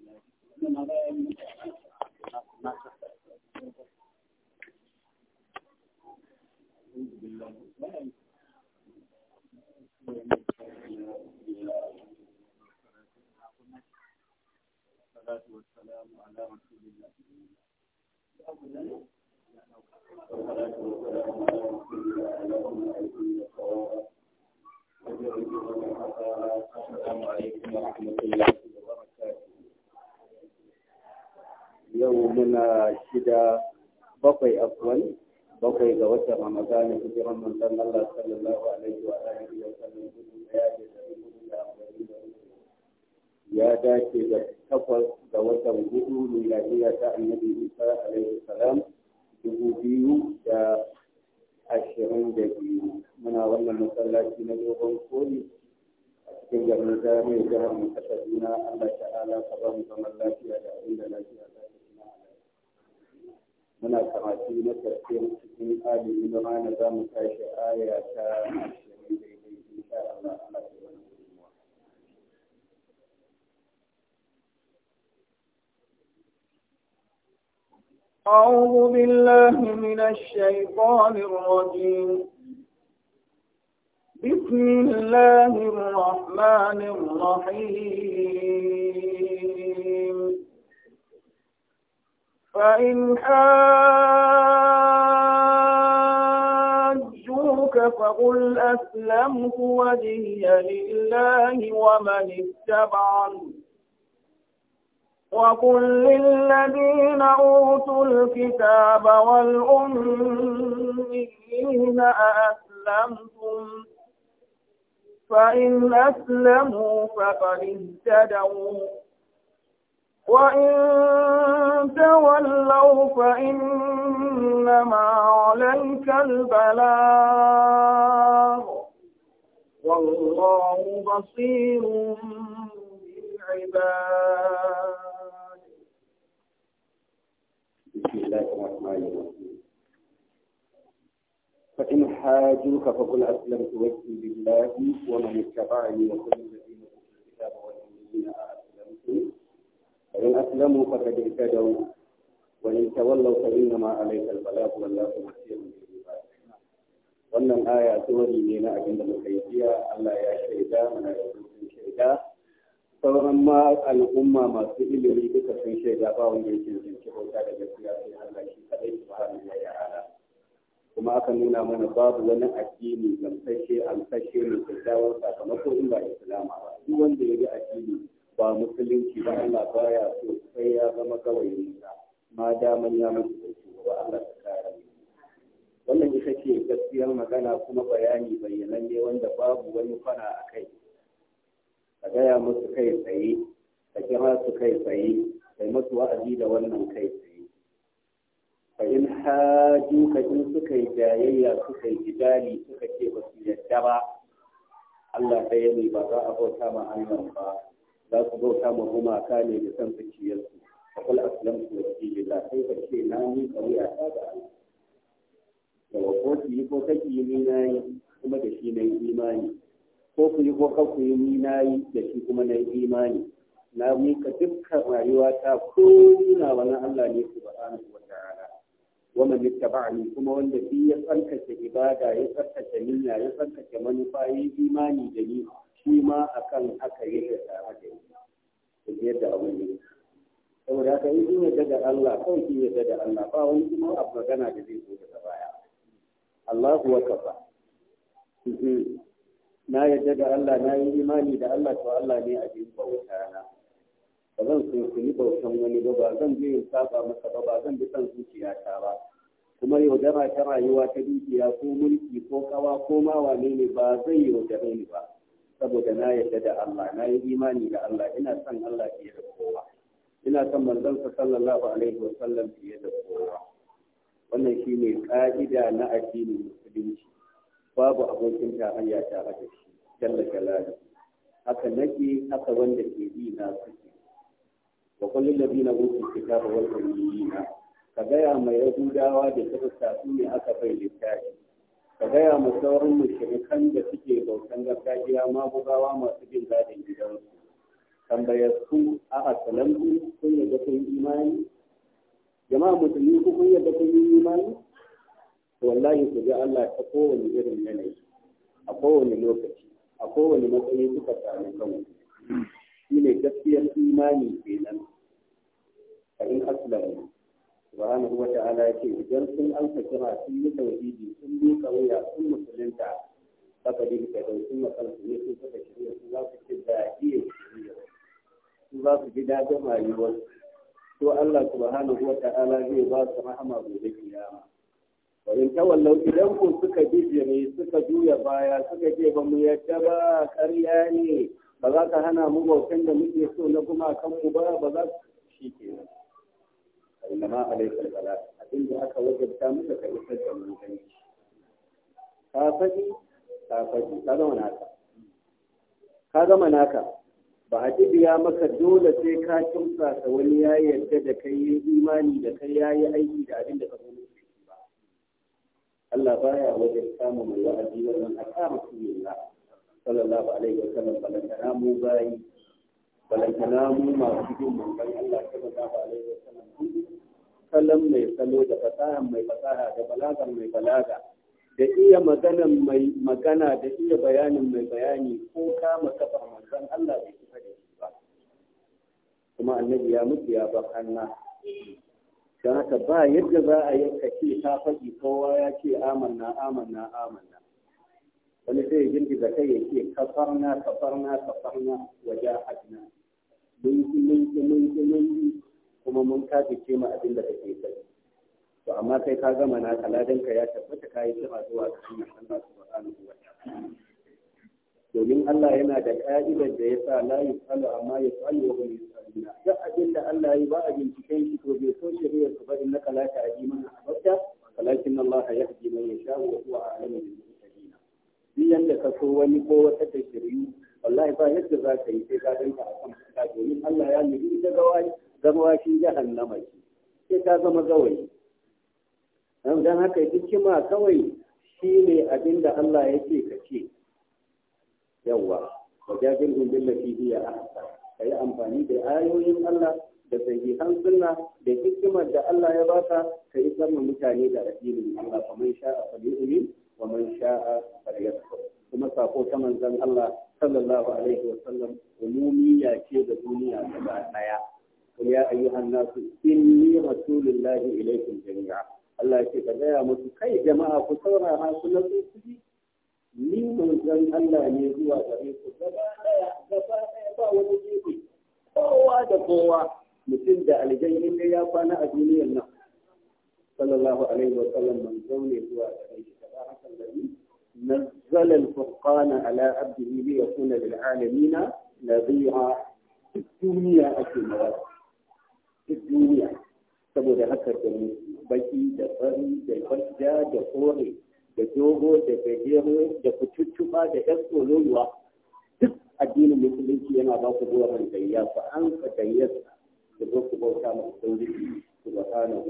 والسلام على رسول الله والصلاة والسلام على رسول الله اللهم أجل الصواب وجعل السلام عليكم ورحمة الله yau muna shida bakwai afwan bakwai ga watan ramadana hijiran dan Allah sallallahu alaihi wa alihi wa sallam ya dace da takwas ga watan hudu miladiya ta annabi Isa alaihi salam dubu biyu da ashirin da biyu muna wannan masallaci na dogon koli a cikin garin zare jihar mu ta juna allah ta'ala ka ba mu zaman lafiya da abin da lafiya muna karatu na tafsir cikin ali imran za mu tashi aya ta ashirin daidai insha Allah Allah ya mana gudunmuwa أعوذ بالله من الشيطان الرجيم بسم الله الرحمن الرحيم فإن حاجوك فقل أسلمت وجهي لله ومن اتبعني وقل للذين أوتوا الكتاب والأمين أأسلمتم فإن أسلموا فقد اهتدوا وإن تولوا فإنما عليك البلاغ والله بصير بالعباد بسم الله الرحمن الرحيم فإن حاجوك فقل أسلمت وجهي لله ومن اتبعني وكل الذين أوتوا الكتاب والأمين أسلمتم فإن أسلموا فقد اهتدوا وإن تولوا فإنما عليك البلاغ والله بصير wannan aya tsori ne na abin da muka yi jiya Allah ya shaida mana da sun shaida sauran ma al'umma masu ilimi duka sun shaida ba wanda yake jin kibauta da gaskiya sai Allah shi kadai subhanahu wa ta'ala kuma aka nuna mana babu wani addini gamsashe amsashe mai kyakkyawar sakamako in ba islama ba duk wanda ya bi addini ba musulunci ba Allah baya so sai ya zama kawai nisa ma daman ya mutu da su ba Allah ta kare wannan ita ce gaskiyar magana kuma bayani ne wanda babu wani fara a kai ka gaya musu kai tsaye ka kira su kai tsaye kai musu wa'azi da wannan kai tsaye fa in haju ka in suka yi jayayya suka yi jidali suka ce ba su yadda ba Allah ɗaya ne ba za a bauta ma Allah ba za su bauta ma gumaka ne da san zuciyarsu a kula aslam su wa cikin da sai ka ce na ni kariya ta da Allah yawa ko su yi ko kake yi ni na yi kuma da shi na yi imani ko ku yi ko kanku yi ni na yi da shi kuma na yi imani na mika dukkan rayuwa ta ko na wani Allah ne subhanahu wa ta'ala wanda ni kuma wanda bi ya tsarkace ibada ya tsarkake minna ya tsarkake manufa ya yi imani da ni shi ma akan haka yake tare da shi da yadda abin ne saboda haka yi kun daga da Allah kawai shi yadda da Allah ba wani kuma a magana da zai zo daga baya Allahu wa kafa mhm. na yadda da Allah na yi imani da Allah to Allah ne abin bauta na ba zan so ku yi bautan wani ba ba zan je in saba masa ba ba zan bi san ta ba kuma yaudara ta rayuwa ta dukiya ko mulki ko kawa ko ma wane ne ba zai yaudare ni ba saboda na yarda da Allah na yi imani da Allah ina son Allah fiye da kowa ina son manzon sallallahu alaihi sallam fiye da kowa wannan shine ka'ida na addinin musulunci babu abokin ta tarayya ta da shi jalla jalali haka nake haka wanda ke bi na suke wa kullu ladina utul kitaba wal na. ka gaya mai yahudawa da kirista su ne aka bai littafi ka gaya mu sauran mushrikan da suke bautan gargajiya bugawa masu jin daɗin gidansu tambayar su a asalanku kun yadda kun imani jama'a musulmi ku kun yadda kun yi imani wallahi ku ji Allah ta kowane irin yanayi a kowane lokaci a kowane matsayi suka sami kanku shi ne gaskiyar imani kenan Ka in aslamu subhanahu wa ta'ala ya ce idan sun amsa kira sun yi tauhidi sun yi kauya sun musulunta haka dai ka dai sun su ne sun saka shirya su za su ci da iya su za su ji daɗin rayuwar to Allah subhanahu wa ta'ala zai ba su rahama gobe kiyama wa in tawallau idan ku suka bijire suka juya baya suka ce ba mu yadda ba ƙarya ne ba za ka hana mu bautan da muke so na gumakan mu ba ba za su shi kenan innama alaikal bala abin da aka wajabta maka ka isar da mun ganci ka ka faɗi ka gama naka ba a ji biya maka dole sai ka kimsa ka wani ya yarda da kai yi imani da kai ya yi aiki da abin da ka zo ba Allah baya wajen samun mai wa'azi wannan a kama sunan sallallahu alaihi wa sallam balantana mu bayi balantana mu masu bin manzon Allah sallallahu alaihi wasallam kalam mai salo da fasaha mai fasaha da balaga mai balaga da iya magana mai magana da iya bayanin mai bayani ko kama kafar manzon Allah bai kusa da shi ba kuma annabi ya mutu ya ba hanna don haka ba yadda za a yanka ce ta faɗi kowa ya ce amanna amanna amanna wani sai ya girgiza kai ya ce kafarna kafarna kafarna wajen hajjina mun yi kuma mun kafe ce ma abin da kake to amma kai ka gama na kaladan ka ya tabbata ka yi kira zuwa ga hanyar Allah subhanahu wa domin Allah yana da ka'idar da ya sa la yusalu amma yusalu wa hum yusaluna duk abin da Allah yi ba a binciken shi to bai so shari'ar ba innaka la ta'di man ahbabta walakin Allah yahdi man yasha wa huwa a'lamu bil muhtadin yanda ka so wani ko wata da shari'u wallahi ba yadda za ka yi sai ka danka a kan fuska domin Allah ya nufi ita gawai shi jahannama ce sai ta zama gawayi don haka hikima kawai shi ne abin da Allah ya ce ka ce yawa wajajen hundun bil fiye a ka yi amfani da ayoyin Allah da sahihan sunna da hikimar da Allah ya baka ka yi sanin mutane da addinin Allah kamar sha'a fali'umin wa man sha'a falyakfur kuma sako ta manzon Allah sallallahu alaihi wa sallam umumiya ce da duniya gaba daya ya ayyuhan nasu inni rasulullahi ilaikum jami'a Allah ce ka gaya musu kai jama'a ku saurara su na su ji ni manzon Allah ne zuwa gare ku gaba daya gaba daya ba wani jibi kowa da kowa mutum da aljanni ne ya kwana a duniyar nan sallallahu alaihi wa sallam manzo ne zuwa gare shi نزل الفرقان على عبده ليكون للعالمين نذيرا في الدنيا أكمل في الدنيا saboda haka da baki da fari da kwanja da kore da dogo da gajero da kucuttuba da ɗan tsororuwa duk addinin musulunci yana ba ku zuwa man gayya ku an ka gayyarsa da ku bauta Allah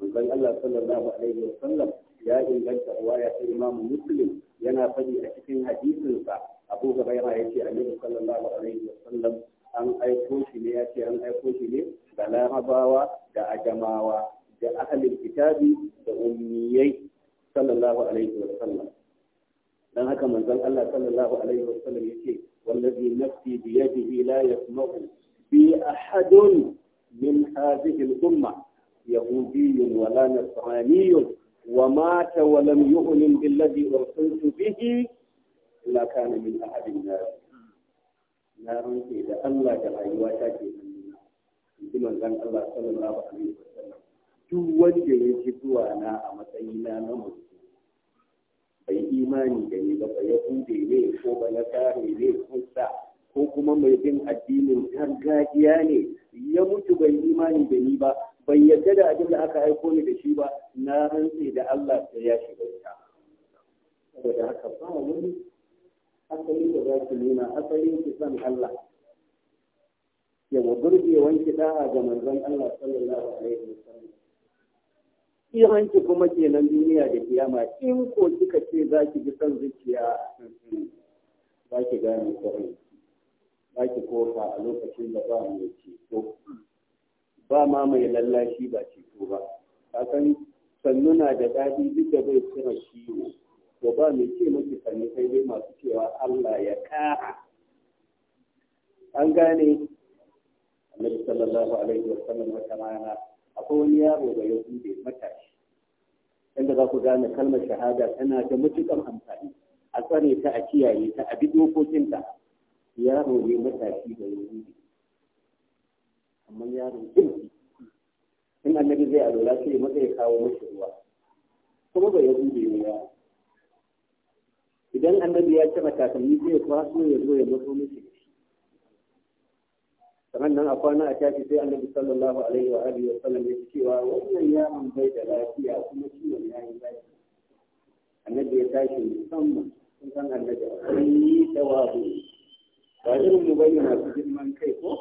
wa sallam ya inganta riwaya ta imamu muslim yana faɗi a cikin hadisinsa abu gabaira ya ce annabi sallallahu alaihi wa sallam an aiko shi ne ya ce an aiko shi ne ga larabawa da adamawa da ahalin kitabi da ummiyai sallallahu alaihi wa sallam. dan haka manzon Allah sallallahu alaihi wa wasallam yace wallazi nafsi bi yadihi la yasma'u bi ahadun min hadhihi al-umma yahudiyyun wala nasraniyyun ومات ولم يؤمن بالذي أرسلت به إلا كان من أحد النار نار إذا الله جل وعلا kuma الله صلى الله عليه وسلم duk wanda ya ji zuwa na a matsayina na mutum bai imani da ni ba ya kude ne ko ba na kare ne kusa ko kuma mai bin addinin gargajiya ne ya mutu bai imani da ni ba ban yadda da abin da aka aiko ni da shi ba na rantse da Allah sai ya shiga wuta saboda haka ba wani asali da za ki nuna asalin ki san Allah yawa burgewan ki da'a ga manzon Allah sallallahu alaihi wasallam iranki kuma kenan duniya da kiyama in ko kika ce za ki ji san zuciya za ki gane kawai, ba ki kofa a lokacin da ba mai ko ba ma mai lallashi ba ceto ba kakan sannu na da daɗi duk da bai cire ciwo to ba mai ce maki sannu sai dai masu cewa Allah ya kara an gane annabi sallallahu alaihi wa sallam wata rana akwai wani yaro da ya bude matashi inda za ku gane kalmar shahada tana da matuƙar amfani a tsare ta a kiyaye ta a bi dokokinta yaro ne matashi da ya bude kamar yaron ilimi in annabi zai sai ya ya kawo mashi ruwa kuma bai idan annabi ya cire takalmi zai kwaso ya zo ya maso mashi da shi sannan nan a kwana a tashi sai annabi sallallahu alaihi wa alihi wa sallam ya cewa wannan yaron bai da lafiya kuma ciwon ya yi lafiya annabi ya tashi musamman sun san annabi akwai dawabu ba irin mu bayyana su girman kai ko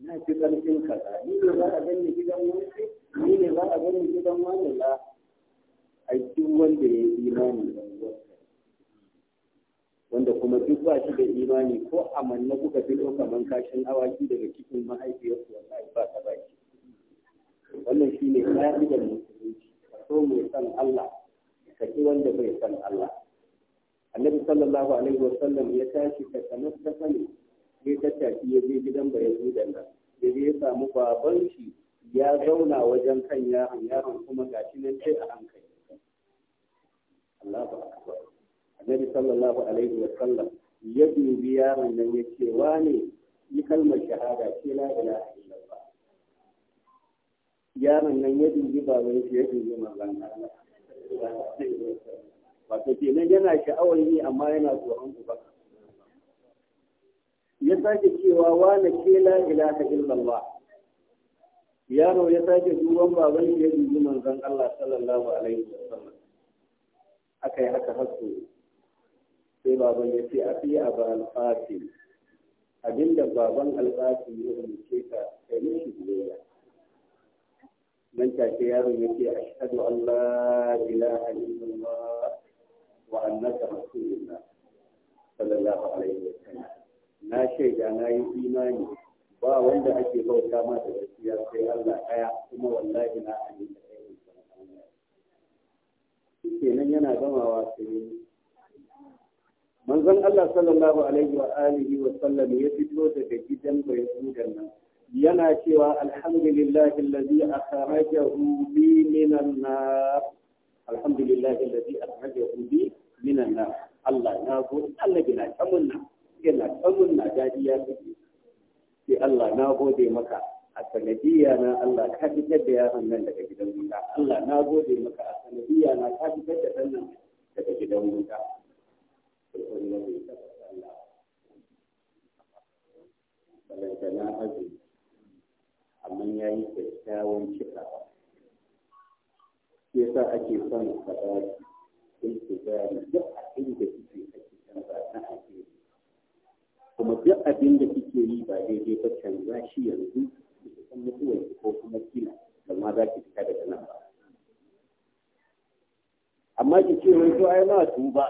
na fi ƙarfin kaza ni ne za a gani gidan wani ni ne za a gani gidan wani ba a duk wanda ya yi imani da wanda kuma duk ba shi da imani ko amanna kuka fito kaman kashin awaki daga cikin mahaifiyarsu wanda wallahi ba ta baki wannan shi ne ƙa'idar musulunci so mai san Allah ka ki wanda bai san Allah annabi sallallahu alaihi wasallam ya tashi ka sanar da sani ya tattaki ya je gidan ba ya da nan ya je ya samu baban shi ya zauna wajen kan yaron yaron kuma shi nan sai a hankali Allahu akbar Annabi sallallahu alaihi wa sallam ya dubi yaron nan ya ce wane yi kalmar shahada ce la ilaha illallah yaron nan ya dubi baban shi ya dubi manzon Allah wato kenan yana sha'awar yi amma yana tsoron ba. ya sake cewa wane ke la ilaha illallah yaro ya sake duban baban ke ya dubi manzon Allah sallallahu alaihi wasallam aka yi haka hasu sai baban ya ce a fiye a ba alfafi abinda baban alfafi ya ce ka yi shi biyayya nan take yaro ya ce ashhadu an la ilaha illallah wa annaka rasulullah sallallahu alaihi wasallam na shaida na yi imani ba wanda ake bauta ma da gaskiya sai Allah ɗaya kuma wallahi na aminta kai in san Allah kenan yana gamawa sai manzon Allah sallallahu alaihi wa alihi wa sallam ya fito daga gidan bayan nan yana cewa alhamdulillahi allazi akhrajahu bi minan nar alhamdulillahi allazi akhrajahu bi minan nar Allah na go Allah gina ta munna yana tsamun na daɗi suke. sai Allah na gode maka a sanadiyya na Allah ka fitar da yaron nan daga gidan wuta Allah na gode maka a sanadiyya na ka fitar da ɗan nan daga gidan wuta balantana azumi amma ya yi kyakkyawan cika shi yasa ake son faɗa in su duk a inda suke ake canza na alheri kuma duk abin da kike yi ba daidai ba canza shi yanzu ki san mutuwar ko kuma da amma za ki fita daga nan ba amma ki ce wai to ai ma tuba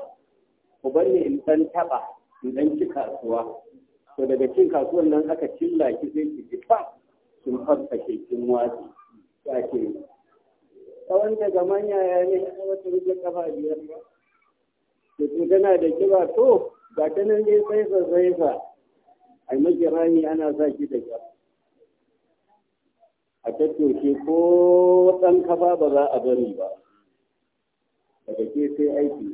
ku bar ni in dan taba in dan ci kasuwa to daga cin kasuwar nan aka cilla ki sai ki ji ba kin farfashe kin watsi ya ke tsawon daga manya ya ne a wata rubuta kafa biyar ba to tana da kiba to ga ta nan dai saifa saifa a maki rami ana sa ki da kyau a tattoshe ko ɗan kafa ba za a bari ba daga ke sai aiki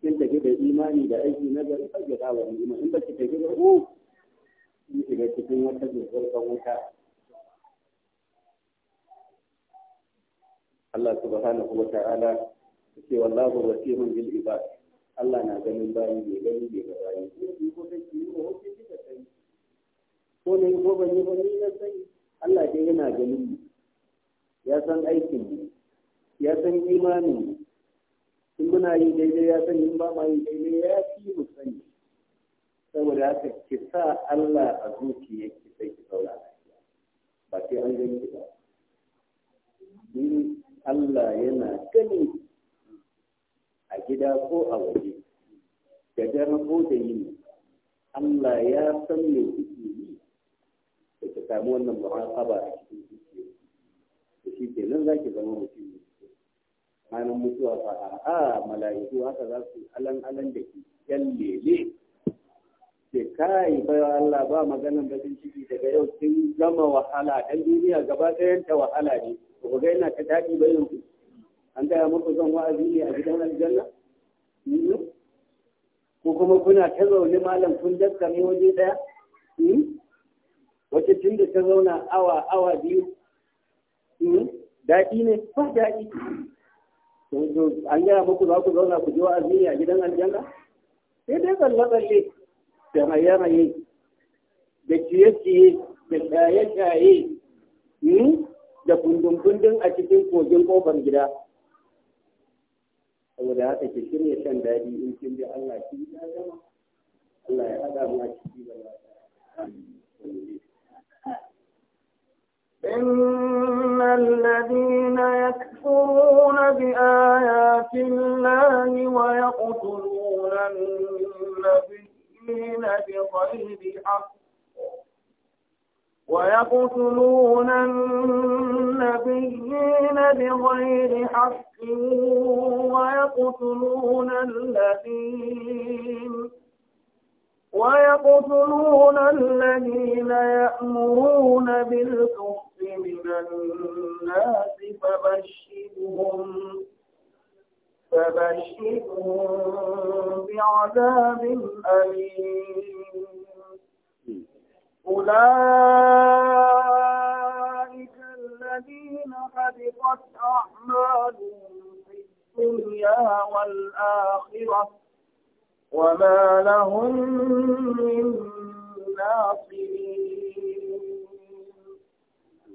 kin tafi da imani da aiki na gari ka gida wa ni'ima in baki tafi da ku in shiga cikin wata dokar wuta Allah subhanahu wa ta'ala yake wallahu basirun bil ibad Allah na ganin bayi bai gani bai ga bayi ko ne ko ban yi ba ni na sani Allah dai yana ganin mu ya san aikin mu ya san imanin mu in muna yi daidai ya san in ba ma yi daidai ya fi mu sani saboda haka ki sa Allah a zuciya ki sai ki zauna ba sai an gani ba ni Allah yana ganin a gida ko a waje da dama ko da yini Allah ya san me kuke yi da ka samu wannan muhasaba a cikin da shi ke nan za zama mutum ne mutuwa fa a a mala'iku haka za su alan alan da ki kyallele ke kai ba Allah ba maganan bakin ciki daga yau kin gama wahala dan duniya gaba ɗayan ta wahala ne ko ga ina ta daɗi ba yanzu an gaya muku zan wa'azi ne a gidan aljanna hmm? ko kuma kuna ta zaune malam kun ne waje daya. Hmm? wace tun da ta zauna awa awa biyu hmm? daɗi ne ba daɗi an gaya muku za ku zauna ku ji wa'azi ne a gidan aljanna sai dai tsalle-tsalle da maye-maye da ciye-ciye da shaye-shaye da kundin-kundin a cikin kogin kofar gida saboda haka shi ne shan daɗi in kin bi Allah ki ya gama Allah ya haɗa mu a ciki da إن الذين يكفرون بآيات الله ويقتلون النبيين بغير حق ويقتلون النبيين بغير حق ويقتلون الذين ويقتلون الذين يأمرون بالكفر من الناس فبشرهم فبشرهم بعذاب أليم أولئك الذين حبطت أعمالهم في الدنيا والآخرة وما لهم من ناصرين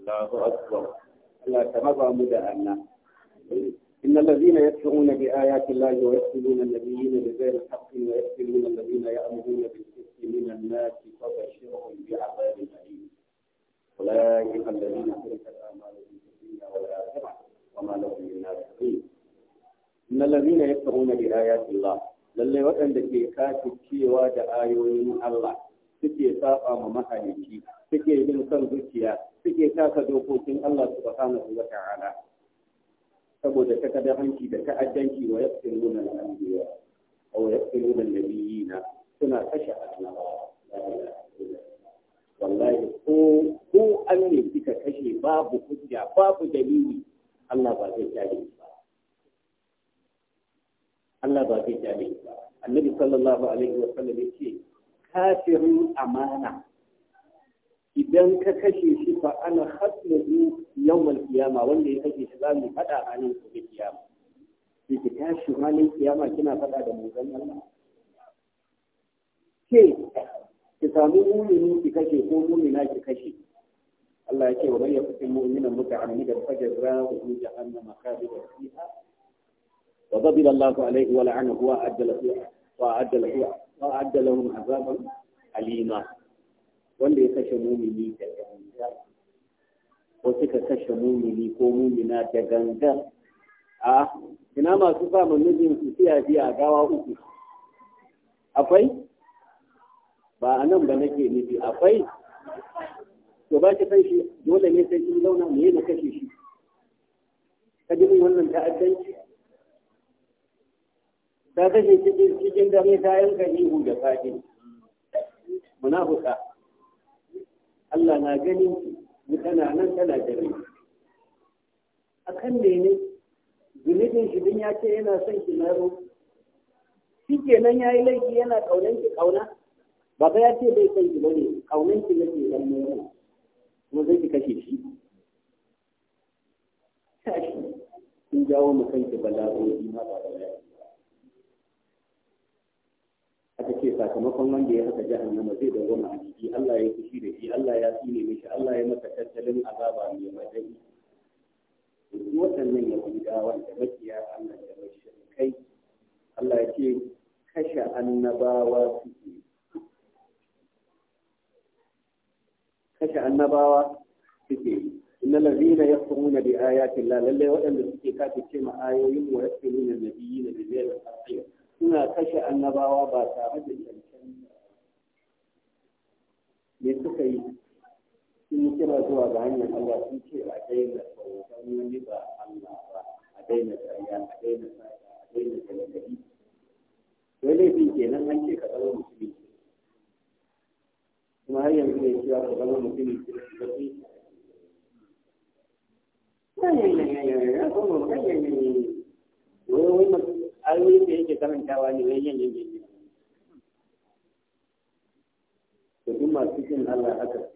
الله أكبر الله تمضى مدى إن الذين يكفرون بآيات الله ويقتلون النبيين بغير الحق ويقتلون الذين يأمرون بالقسط من الناس فبشرهم بعذاب أليم أولئك الذين تركت أعمالهم في الدنيا والآخرة وما لهم من ناصحين إن الذين يكفرون بآيات الله lallai waɗanda ke kafi cewa da ayoyin Allah suke saba ma mahalici suke bin son zuciya suke taka dokokin Allah subhanahu wa ta'ala saboda takadaranci da ta'addanci wa yaqtiluna al-anbiya aw yaqtiluna an na suna kashe annabawa wallahi ko ko an ne kika kashe babu hujja babu dalili Allah ba zai kyale ba Allah ba zai kyale ba Annabi sallallahu alaihi wa sallam yace kafirin amana idan ka kashe shi fa ana hasmuhu yawmal kiyama wanda ya kashe shi za mu fada a nan gobe kiyama sai ki tashi ranar kiyama kina fada da manzon Allah ke ki samu mumini ki kashe ko mumina ki kashe Allah ya ce wa bayyana cikin mu'minan muta'ammidan fajrahu jahannama khalidan fiha wa ghadiba Allahu alayhi wa la'anahu wa ajjala wa ajjala wa ajjala lahum azaban alima wanda ya kashe mumini da ganga ko suka kashe mumini ko mumina da ganga. a ina masu sa mijin su siya a gawa uku akwai ba a nan ba nake nufi akwai to ba ki san shi dole ne sai kin launa me yana kashe shi ka ji min wannan ta'addanci ta kashe cikin cikin dare ta yanka ihu da fadi munafuka Allah na ganin ki mutana nan tana jami a kan ne zunubin shi din ya ce yana son ki na roƙi shi kenan ya yi laifi yana kaunan ki kauna? ba ba ya ce bai son ki bane kaunan ki nake dan ne kuma zai ki kashe shi tashi sun jawo mu kanki bala'o'i ma ba bala'i ta ce sakamakon wanda ya haka jahannama zai dawwama a ciki Allah ya fushi da shi Allah ya tsine mishi Allah ya masa tattalin azaba mai madadi duk waɗannan yahudawan da makiya Allah da kai. Allah ya ce kashe annabawa suke kashe annabawa suke yi inna lazina yakfuruna bi ayati Allah lalle waɗanda suke kafirce ma ayoyin wa yakfuruna nabiyina bi ghairi al suna kashe annabawa ba tare da cancanta me suka yi sun kira zuwa ga hanyar Allah sun ce a daina tsoron wani ba Allah ba a daina tsariya a daina sata a daina galagari wai laifin kenan an ce ka zama musulmi kuma har yanzu ne cewa ka zama musulmi ka zama musulmi wai wai ayoyin da yake karantawa ne wai yin yanke da duk masu jin Allah haka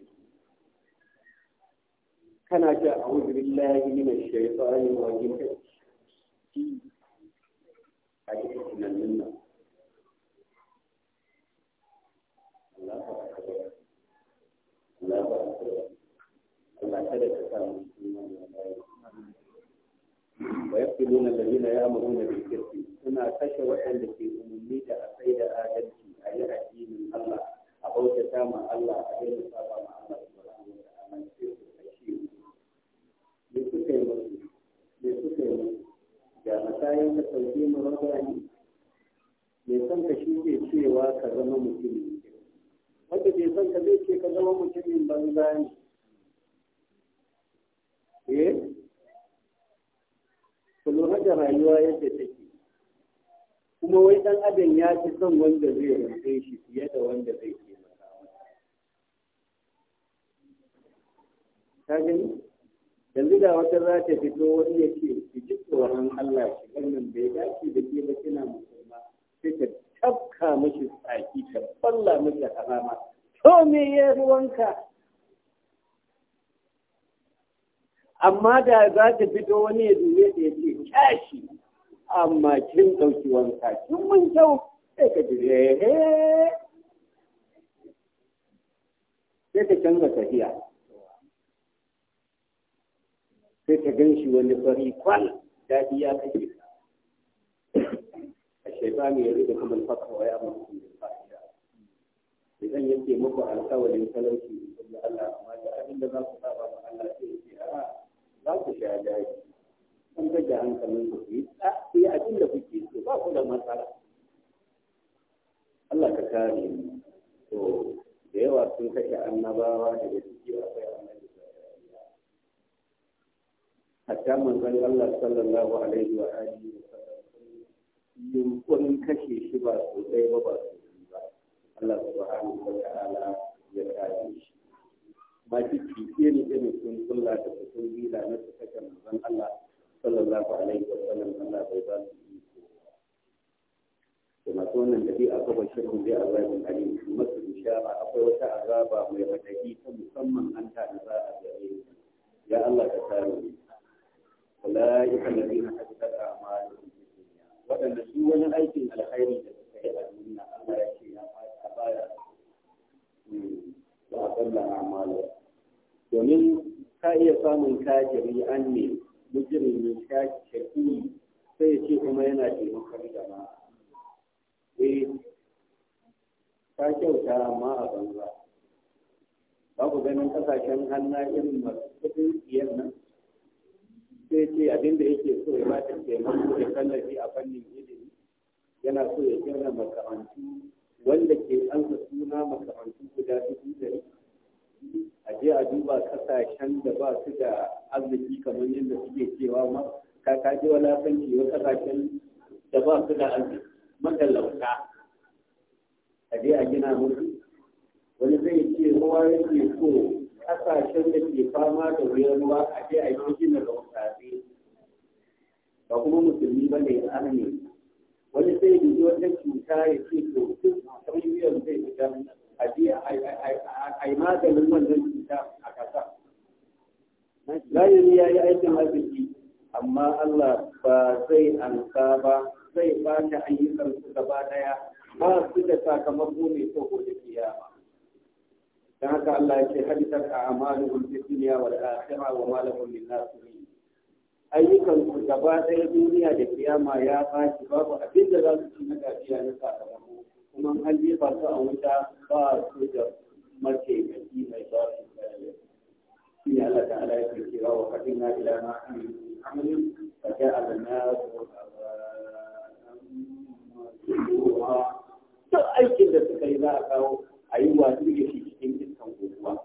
kana ce a wuzu billahi min shaytani wa jin ta a cikin tunanin nan Allah ba Allah ba Allah kada ka samu wa yaqtuluna ya ya'muruna bil qist suna kashe waɗanda ke umarni da asai da adalci a yi addinin Allah a bautata ma Allah a daina saba ma Allah subhanahu wa ta'ala sai su kashe me suka yi musu me suka yi musu ga matayin ka me san ka shi cewa ka zama mutumin wanda bai san ka zai ce ka zama mutumin banza ne ku da rayuwa yadda take kuma wai dan adam ya fi son wanda zai rufe shi fiye da wanda zai ke ta gani yanzu da wata za ta fito wani ya ce ki ji tsoron Allah shi wannan bai dace da ke ba kina musulma sai ta tabka mashi tsaki ta balla mashi harama to me ya ruwanka amma da za ta fito wani ya duniya da ya ce kyashi amma kin ɗauki wanka kin mun kyau sai ka ji sai ta canza tafiya sai ta gan shi wani fari kwal daɗi ya kashe a shaitani ya rike kuma fasa wa ya mutum da fa'ida idan yake muku alƙawarin talauci da Allah amma da abin da za ku saba ma Allah sai ya ce a'a za ku sha daji kan ta da hankalin ku yi ku yi abin da kuke so ba ku da matsala Allah ka kare mu to da yawa sun kashe annabawa daga ciki akwai annabi hatta manzon Allah sallallahu alaihi wa alihi wa sallam yunkurin kashe shi ba sosai ba ba sosai ba Allah subhanahu wa ta'ala ya kare shi makirci iri iri sun kulla da sun gila na su kashe manzon Allah sallallahu alaihi wa sallam Allah bai ba su iko to masu wannan da bi a kafa shirin zai azabin alim masu bishara akwai wata azaba mai wadaki ta musamman an ta za a gare ni ya Allah ka kare ni ulaika alladhina hadathat a'maluhum fid dunya wadanda su wani aikin alkhairi da suka yi a duniya Allah ya ce ya fata baya wa hmm. aqalla a'maluhum domin ka iya samun kajiri an ne mujirmi shaki sai ya ce kuma yana taimakon jama'a eh ta kyauta amma a banza ba ku ganin kasashen hannu irin masu kudin biyar nan sai ce abinda yake so ya bata taimako da tallafi a fannin ilimi yana so ya gina makarantu wanda ke ansa suna makarantu guda da dari Aje a duba kasashen da ba su da arziki kamar yadda suke cewa ma ka ka wani wala san kewa kasashen da ba su da arziki matalauta a je a gina musu wani zai ce ruwa yake so kasashen da ke fama da wuyan ruwa a je a yi gina lautsatsi ba kuma musulmi ba ne a ne wani sai yi wata cuta ya ce to duk kamar yadda zai fita a yi maganin wannan cuta a ƙasa. Zahiri ya yi aikin arziki, amma Allah ba zai ansa ba, zai ɓata ayyukan su gaba ɗaya ba su da sakamako mai kyau da kiyama. Don haka Allah ya ce haditar a amalin fi duniya wal akhirah wa malakum min nasirin. Ayyukan su gaba ɗaya duniya da kiyama ya ɓaci babu abin da za su ci na gajiya na sakamako. kuma an jefa su a wuta ba su da mataimaki mai ba su kariya shi ne Allah ta ala yake cewa wa kafin na ila ma amalin fa ja'a al-nas duk aikin da suka yi za a kawo a yi wasu da shi cikin iskan guguwa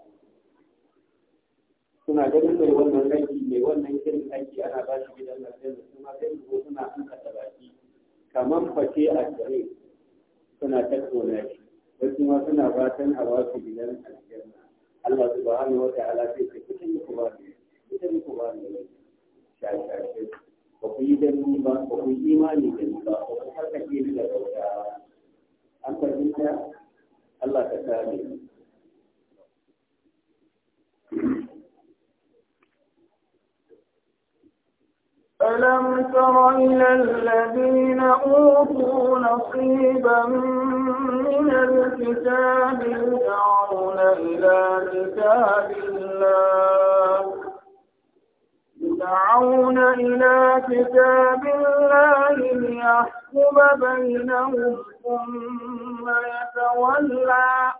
suna ganin mai wannan aiki mai wannan irin aiki ana ba shi gidan lafiya da suna kai ko suna an kasa baki kamar fate a jere suna tattauna shi wasu ma suna fatan a wasu gidan aljanna Allah ba hannu wata alafi ce kuta muku ba ne kuta muku ba ne shashashe ba ku yi da ni ba ba ku yi imani da ni ba ba ku harka ke da bauta an fahimta Allah ka kare ألم تر إلى الذين أوتوا نصيبا من الكتاب يدعون إلى كتاب الله يدعون إلى كتاب الله ليحكم بينهم ثم يتولى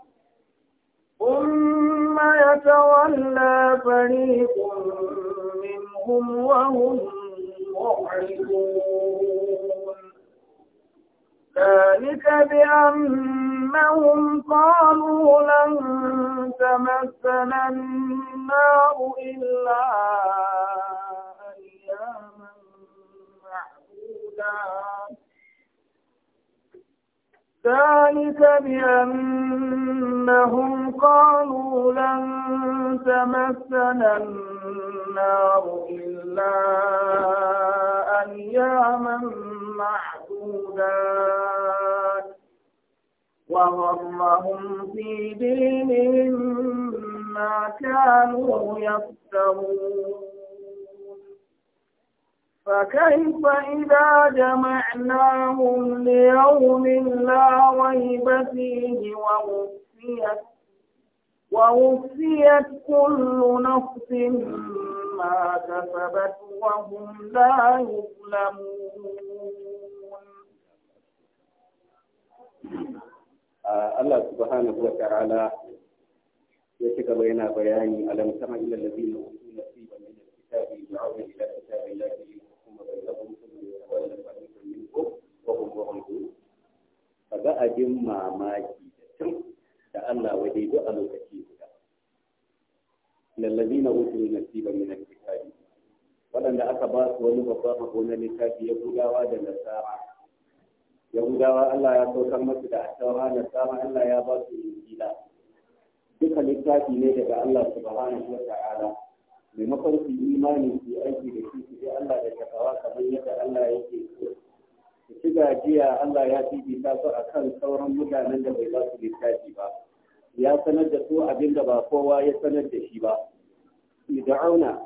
ثم يتولى فريق منهم وهم معرضون ذلك بأنهم قالوا لن تمسنا النار إلا أياما معدودات ذلك بأنهم قالوا لن تمسنا النار إلا أياما معدودات وغرهم في دينهم ما كانوا يفترون فكيف إذا جمعناهم ليوم لا ريب فيه ووفيت ووفيت كل نفس ما كسبت وهم لا يظلمون. آه، الله سبحانه وتعالى يشكى بينا بياني ألم سمع إلى الذين أوتوا نصيبا من الكتاب يدعون إلى كتاب الله لهم ولد فريق abin mamaki da tun da Allah waje duk a lokaci guda lallazina utul nasiba min al-kitabi waɗanda aka ba su wani babban rabo na littafi yahudawa da nasara yahudawa Allah ya saukar masu da ashawa nasara Allah ya ba su injila duka littafi ne daga Allah su ba subhanahu wa ta'ala maimakon su imani su aiki da Allah da takawa kamar yadda Allah yake so su ci gajiya Allah ya fifita su kan sauran mutanen da bai ba su littafi ba ya sanar da su abin da ba kowa ya sanar da shi ba ida'auna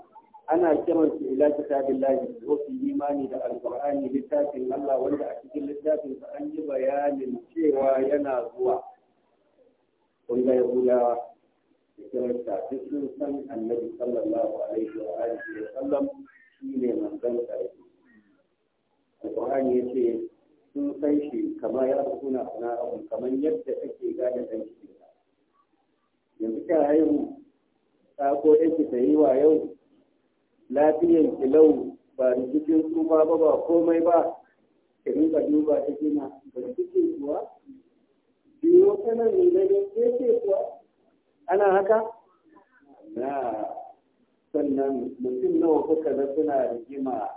ana kiran su ila kitabillahi ko su imani da alqur'ani littafin Allah wanda a cikin littafin su an yi bayanin cewa yana zuwa kun ga yahudawa da duk sun san annabi sallallahu alaihi wa wa sallam alkur'ani ya ce sun san shi kamar ya suna na abu kamar yadda take gane san shi yanzu kan haihu ta ko yake ta yi wa yau lafiyan kilau ba rikicin su ba ba komai ba ka rinka duba ta gina ba rikicin kuwa biyo kanan ne da ne kuwa ana haka na sannan mutum nawa kuka na suna rigima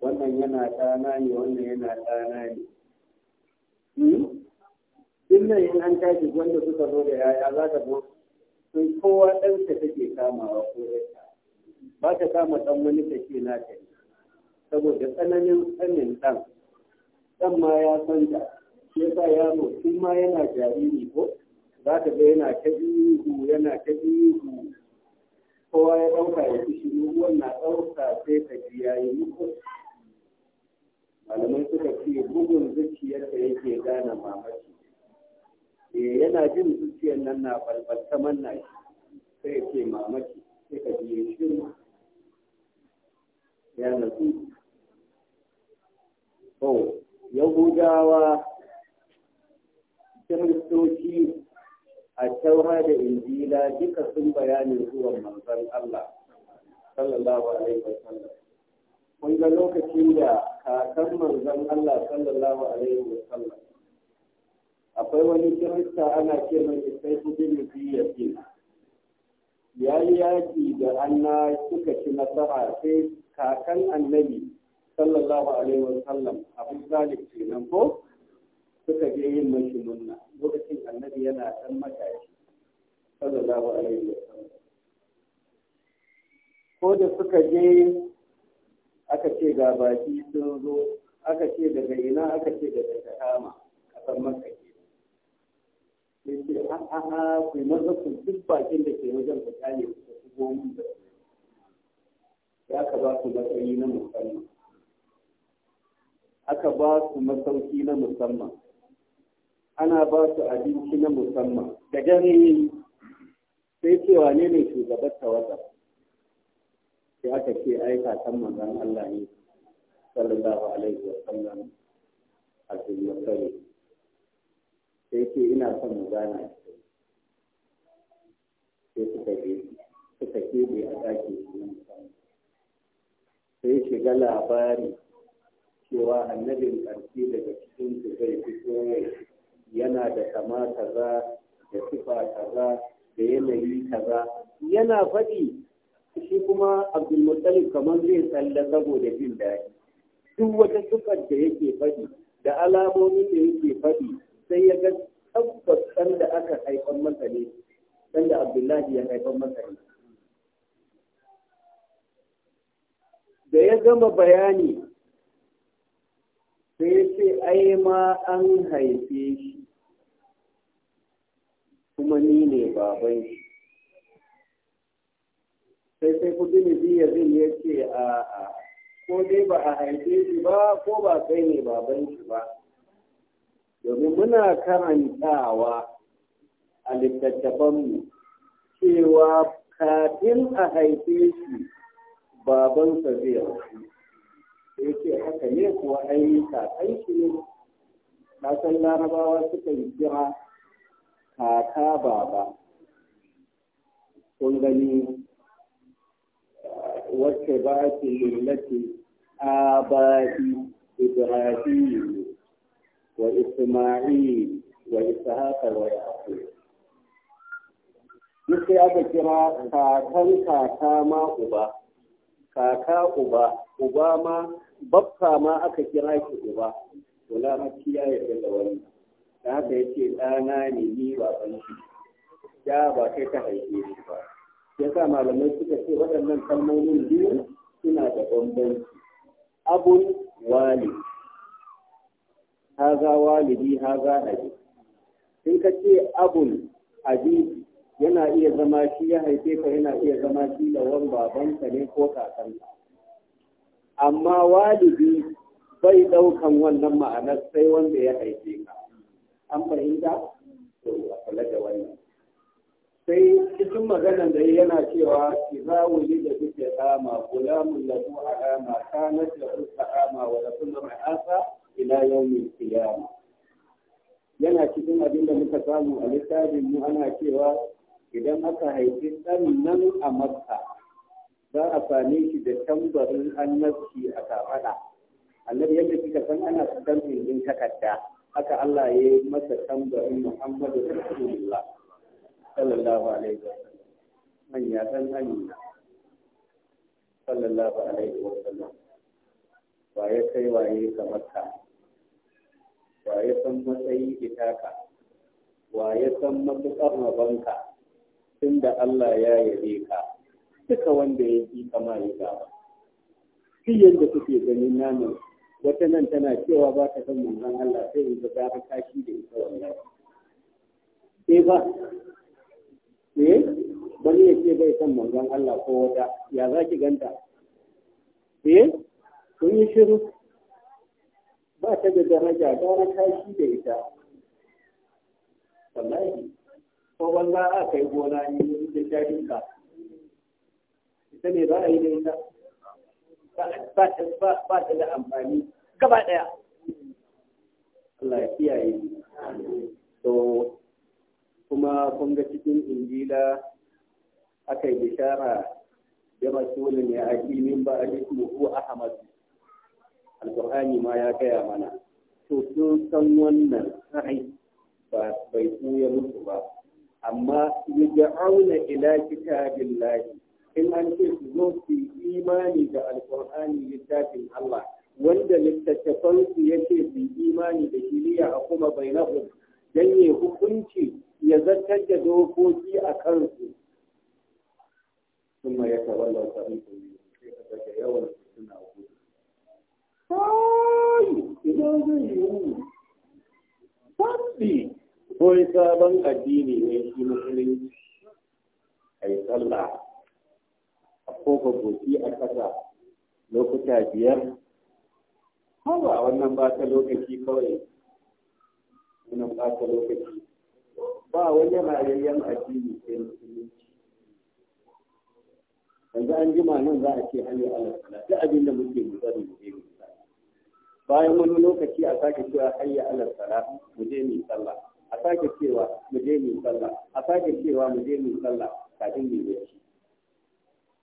wannan yana ɗana ne wannan yana ɗana ne In hmm? nan in an tashi wanda suka zo da yaya za ka zo sun kowa ɗansa take kamawa ko yarta ba ta kama ɗan wani ta ce na ta saboda tsananin tsanin ɗan ɗan ma ya san ta shi yasa yaro shi ma yana jariri ko za ka ga yana ta ihu yana ta ihu kowa ya ɗauka ya fi shi ruwan na ɗauka sai ka ji ya yi ko. malamai suka ce bugun zuciyar da yake gane mamaki eh yana jin zuciyar nan na balbal ta manna shi sai ce mamaki sai ka ji shiru ya nasu to yahudawa kiristoci a taura da injila duka sun bayanin zuwan manzon Allah sallallahu alaihi wasallam kun ga lokacin da kakan manzon Allah sallallahu alaihi wa sallam akwai wani kirista ana ce mai sai biya ce ya yi yaƙi da anna suka ci nasara sai kakan annabi sallallahu alaihi wa sallam abu salih kenan ko suka je yin mashi munna lokacin annabi yana ɗan matashi sallallahu alaihi wa sallam ko da suka je aka ce ga baki sun zo aka ce daga ina aka ce daga takama kasar maka ke ne ce a'a ah, ah, ah, ku maza ku duk bakin da ke wajen ka kane ku shigo mun da ya ka ba su matsayi na musamman aka ba su masauki na musamman ana ba su abinci na musamman da dare sai cewa ne ne shugabar tawagar sai aka ce aika kakan manzan Allah ne sallallahu alaihi wa sallam a cikin sai ke ina son mu gana sai suka je suka keɓe a ɗaki sai shiga labari cewa annabin ƙarfi daga cikin su zai fito yana da kama kaza da sifa kaza da yanayi kaza yana faɗi shi kuma abdulmutsalif kamar zai tsalla saboda jin daɗi duk wata sukar da yake faɗi da alamomi da yake faɗi sai ya ga tabbas ɗan da aka haifar masa ne abdullahi ya haifar masa da ya gama bayani sai ya ce ai ma an haife shi kuma ni ne baban shi sai sai ne biya zai ya ce a ko dai ba a haife shi ba ko ba kai ne baban shi ba domin muna karantawa a littattafanmu cewa kafin a haife shi babansa zai rasu sai ce haka ne kuwa ai kakan shi ne kasan larabawa suka yi kira kaka baba kun gani wacce ba ki lullace abadi ibrahim wa isma'il wa wa aka kira kakan kaka ma uba kaka uba uba ma babka ma aka kira ki uba to larabci ya yarda da wani ta haka yace ɗana ne ni ba ban ya ba kai ta haife shi ba ya sa malamai suka ce waɗannan kalmomin biyu suna da bambanci abun wali haza walidi haza abi in ka ce abun abi yana iya zama shi ya haife ka yana iya zama shi da wan babanka ne ko kakanka amma walidi bai ɗaukan wannan ma'anar sai wanda ya haife ka an fahimta to a kula da wannan sai cikin maganan da yana cewa ki za idza da bi kama gulamun lahu alama kanat lahu sa'ama wa lahu ra'asa ila mai qiyamah yana cikin abin da muka samu a littafin mu ana cewa idan aka haifi ɗan nan a makka za a same shi da tambarin annabci a kafaɗa annabi yadda kika san ana tambarin takarda haka Allah ya yi masa tambarin Muhammadu Rasulullah sallallahu alaihi wasallam manya san amina sallallahu alaihi wasallam waye kai waye kamar ka waye san matsayi itaka waye san tunda Allah ya yabe ka duka wanda ya ji kama ya gaba shi yadda kuke ganin naman wata nan tana cewa ba ta san manzon Allah sai in ga ta kashi da ita wannan sai eh ba Me wani ya ce bai san manzon Allah ko wata ya za ki ganta eh kun yi shiru ba ta da daraja gara kashi da ita wallahi ko walla aka yi gona ne da jarin ka ita ne za a yi da ita ba ta da amfani gaba daya Allah ya kiyaye to kuma kun ga cikin injila aka yi bishara da rasulun ne a min ba a ko ahmad alqur'ani ma ya gaya mana to sun san wannan sai ba bai ya mutu ba amma auna ila kitabillahi in an ce su zo su imani da alqur'ani littafin Allah wanda littattafansu yake su imani da shiriya a kuma bainahum dan ne hukunci ya zartar da dokoki a kansu ثم يتولى فريق منهم يوم suna gudu ai ina zai yiwu faɗi wani sabon addini ne shi musulunci a yi sallah a kofa goshi a ƙasa lokuta biyar hawa wannan ba ta lokaci kawai wannan ba ta lokaci ba wani rayayyen addini sai musulunci yanzu an jima nan za a ce an yi alasala duk abin da muke musari da mu je bayan wani lokaci a sake cewa hayya alasala mu je mu sallah a sake cewa mu je mu sallah a sake cewa mu je mu sallah kafin mu bacci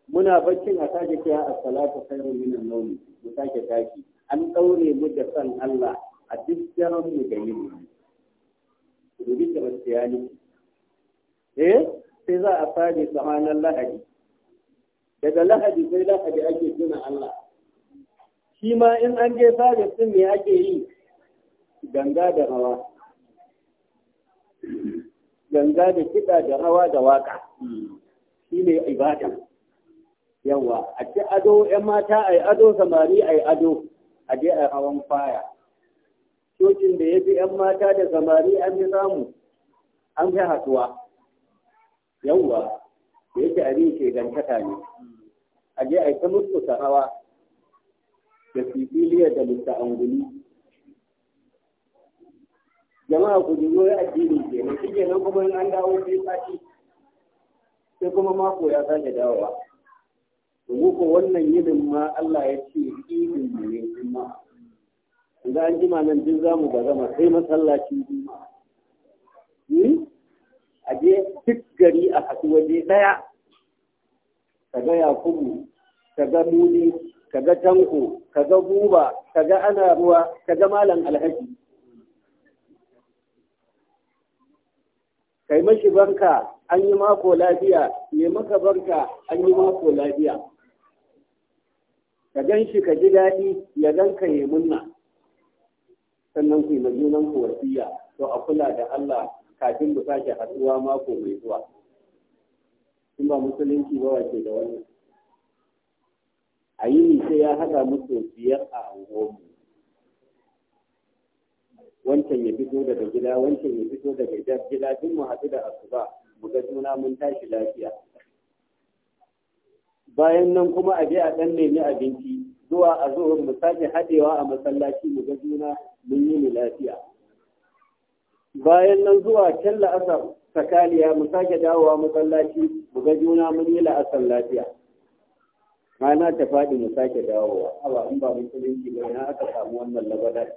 muna baccin a sake cewa as-salatu khairun min an-nawm mu sake tashi an daure mu da san Allah a duk jaran mu da yini dubi da ne. eh sai za a fare tsamanin lahadi daga lahadi sai lahadi ake tuna Allah shi ma in an je fare sun me ake yi ganga da rawa ganga da kiɗa da rawa da waka shi ne ibada yawa a ci ado 'yan mata a yi ado samari a yi ado a je a rawan faya cocin da ya fi 'yan mata da samari an fi samu an fi haɗuwa yawwa da yake abin shegantaka ne a je a yi ta musu hawa da fifiliyar da musta anguli jama'a ku zo ya addini ke nan shi nan kuma yin an dawo fi sati sai kuma mako ya sake dawowa domin ku wannan yinin ma Allah ya ce idin ne kuma ga an jima nan duk za mu bazama sai masallacin juma'a hmm? a je duk gari a haɗu waje ɗaya ka ga yakubu ka ga muni ka ga tanko ka ga buba ka ga ana ruwa ka ga malam alhaji kai mashi barka an yi mako lafiya me maka barka an yi mako lafiya ka gan shi ka ji daɗi ya gan ka yi munna sannan ku yi majunan ku wasiya to a kula da Allah kafin mu sake haɗuwa mako mai zuwa in ba musulunci ba wace da wannan a yi sai ya haɗa musu biyar a anguwanmu wancan ya fito daga gida wancan ya fito daga gida duk mu haɗu da asuba mu ga juna mun tashi lafiya bayan nan kuma a je a ɗan nemi abinci zuwa a zuwa mu sake haɗewa a masallaci mu ga juna mun yi ni lafiya bayan nan zuwa can la'asar sakaliya mu sake dawowa masallaci mu ga juna mun yi la'asar lafiya rana ta faɗi mu sake dawowa awa in ba musulunci ba na aka samu wannan labadar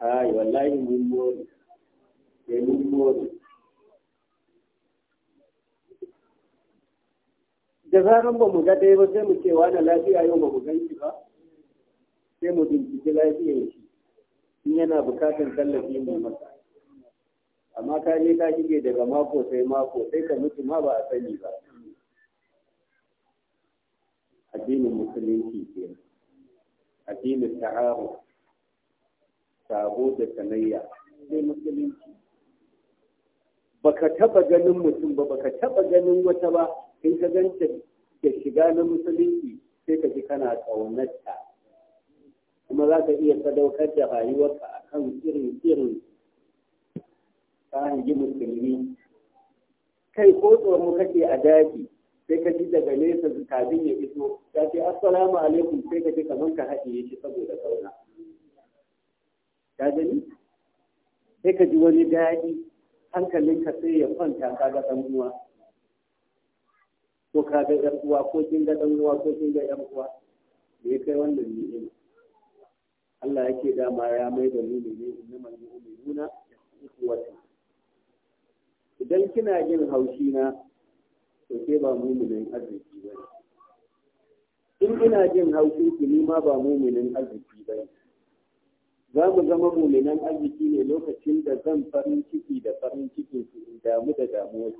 ai wallahi mun more Ke eh, mun more da zaran ba mu ga ɗaya ba sai mu ce wani lafiya yau ba mu gan shi ba sai mu binciki lafiyar shi in yana bukatar tallafi ne masa amma ka je ka shige daga mako sai mako sai ka mutu ma ba a sani ba addinin musulunci ke addinin ta'aru sabo da sanayya sai musulunci baka taba ganin mutum ba baka taba ganin wata ba in ka ganta da shiga na musulunci sai ka ji kana ƙaunarta kuma za ka iya sadaukar da rayuwarka a kan irin irin kahangi musulmi kai ko tsoron kake a daji sai ka ji daga nesa kafin ya iso ya ce assalamu alaikum sai ka ji kamar ka ya ce saboda kauna Ta gani sai ka ji wani daɗi hankalinka sai ya kwanta ka ga ɗan uwa ko ka ga ɗan uwa ko kin ga ɗan uwa ko kin ga ɗan uwa me kai wannan ne? Allah yake dama ya mai da nuni ne innamal mu'minuna ikhwatu idan kina jin haushi na to ke ba mu'minin arziki ba in ina jin haushi ki ni ma ba mu'minin arziki ba za mu zama mu'minan arziki ne lokacin da zan farin ciki da farin cikin ki in damu da damuwa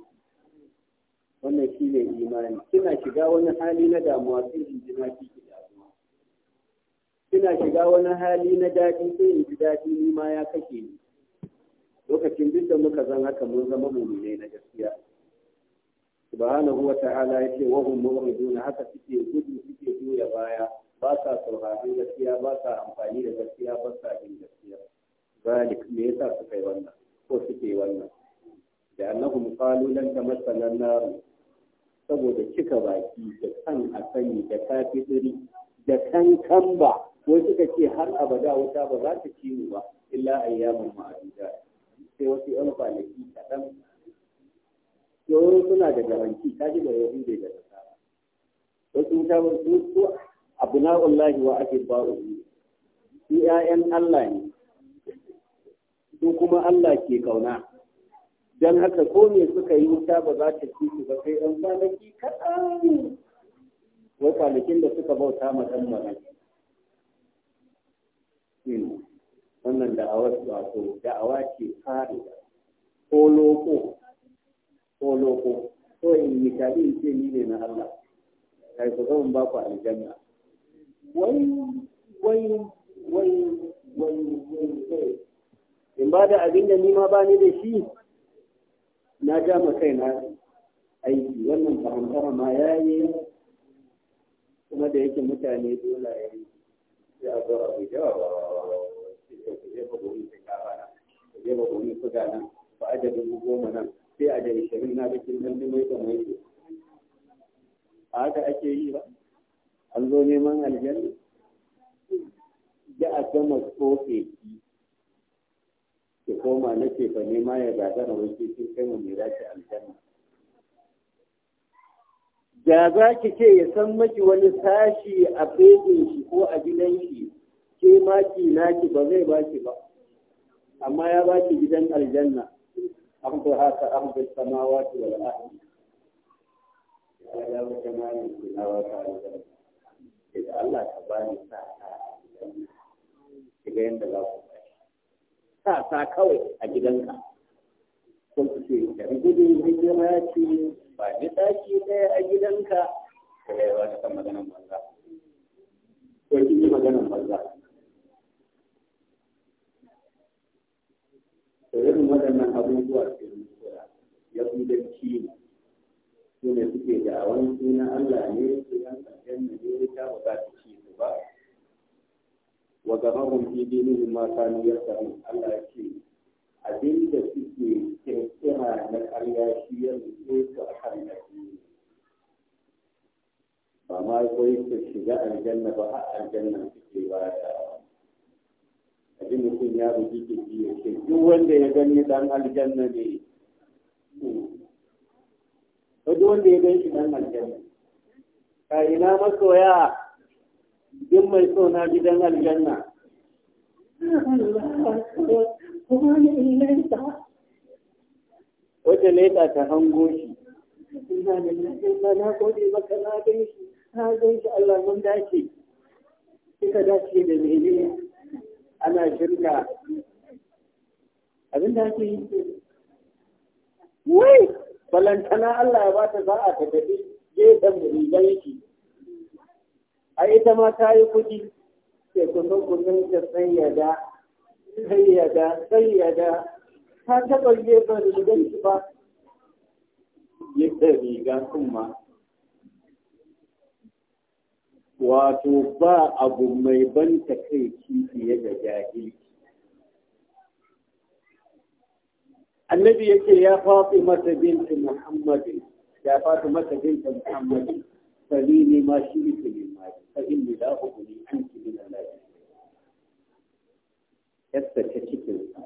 wannan shine imani kina shiga wani hali na damuwa sai in ji na ki damu ina shiga wani hali na daɗi sai in ji daɗi ni ma ya kashe ni lokacin duk da muka zan haka mun zama muminai na gaskiya subhanahu wa ta'ala yace wa hum mu'ridun haka suke gudu suke juya baya ba sa sauraron gaskiya ba sa amfani da gaskiya ba sa yin gaskiya zalik me yasa suka yi wannan ko suke wannan da annahum qalu lan tamassana nar saboda kika baki da kan a sani da kafidiri da kan kamba ko suka ce har abada wuta ba za ta ci mu ba illa ayyamun ma'aduda sai wasu yan kwanaki kaɗan yawon suna da garanti ta ji da yawon da ta wasu wuta ba su ko abu na wallahi wa ake ba su ƴaƴan Allah ne su kuma Allah ke kauna don haka ko me suka yi wuta ba za ta ci ba sai ɗan kwanaki kaɗan wai kwanakin da suka bauta ma ɗan maraƙi sinu wannan da'awar wato da'awa ce farida ko loko ko loko ko in misali in ce ni ne na Allah kai ku zan ba ku aljanna wai wai wai wai wai in ba da abin da ni ma ba ni da shi na ja ma kaina aiki wannan fahimtar ma yayi kuma da yake mutane dole yayi ya zo ba ku je magori ta kafa ga a da dubu goma nan sai a na mai a haka ake yi ba an zo neman aljanna ya a gama koma na ce nema ya gagara wai kin kai mu mira ki aljanna da za ki ce ya san maki wani sashi a fejin shi ko a gidan shi ke maki naki ba zai baki ba amma ya baki gidan aljanna abdu haka samawa samawati wal ardi ya ba jama'i na wata aljanna da Allah ka bani sa ta ga yanda za ku sa ta kawai a gidanka sai su ce da gudun hijira ce ba ni ɗaki ɗaya a gidanka ka yi wa ta maganan banza ko kin yi maganan banza to irin waɗannan abubuwa ke nuna yahudanci ne su ne suke da wani suna Allah ne su yan aljanna ne ta ba za su ci su ba wa gabahum fi dinihim ne ya samu Allah ya ce abin da suke kirkira na karya shi ya nufe su a kan addini ba ma kwai su shiga aljanna ba a aljanna suke ba da abin da ya bugi jiki ya ce duk wanda ya gani dan aljanna ne duk wanda ya gan shi dan aljanna ka ina masoya duk mai so na gidan aljanna kuma ni in lenta wata leta ta hango shi ina da lafiya na gode maka na gan shi na gan shi Allah mun dace kika dace da mene ana shirka abin da ake yi wai balantana Allah ya bata za a ta tafi gefen rigar yake a ita ma ta yi kuɗi sai kusan kusan ta sanya da sayyada sayyada ta taɓa yi ba da shi ba yadda riga kuma wato ba abu mai ban takaici fiye da jahili annabi ya fafi mata binti muhammadin ya fafi mata binti muhammadin salini ma shi ne ma fa inni la yasta ta cikinsa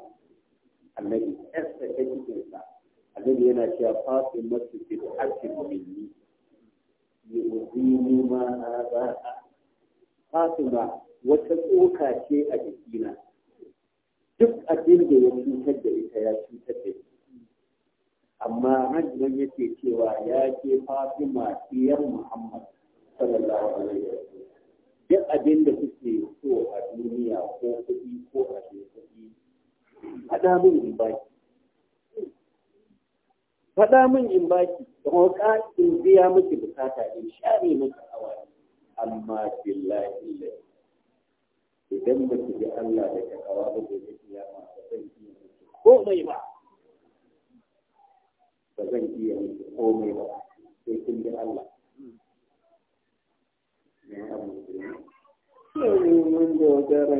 annabi yasta ta cikinsa annabi yana cewa fasu masu fi da haƙƙi minni yi uzini ma na ba fatima wata tsoka ce a jikina duk abin da ya cutar da ita ya cutar da ita amma hajjan yake cewa ya ce fasu ma diyar muhammad sallallahu alaihi wasallam duk abin da kuke so a duniya ko kuɗi ko a kuɗi faɗa min in baki faɗa min in baki ka in biya miki bukata in share miki hawa amma billahi la idan ba ki bi Allah da takawa ba yi kiyama ba zan iya miki komai ba ba zan iya miki komai ba sai kin bi Allah Mun dogara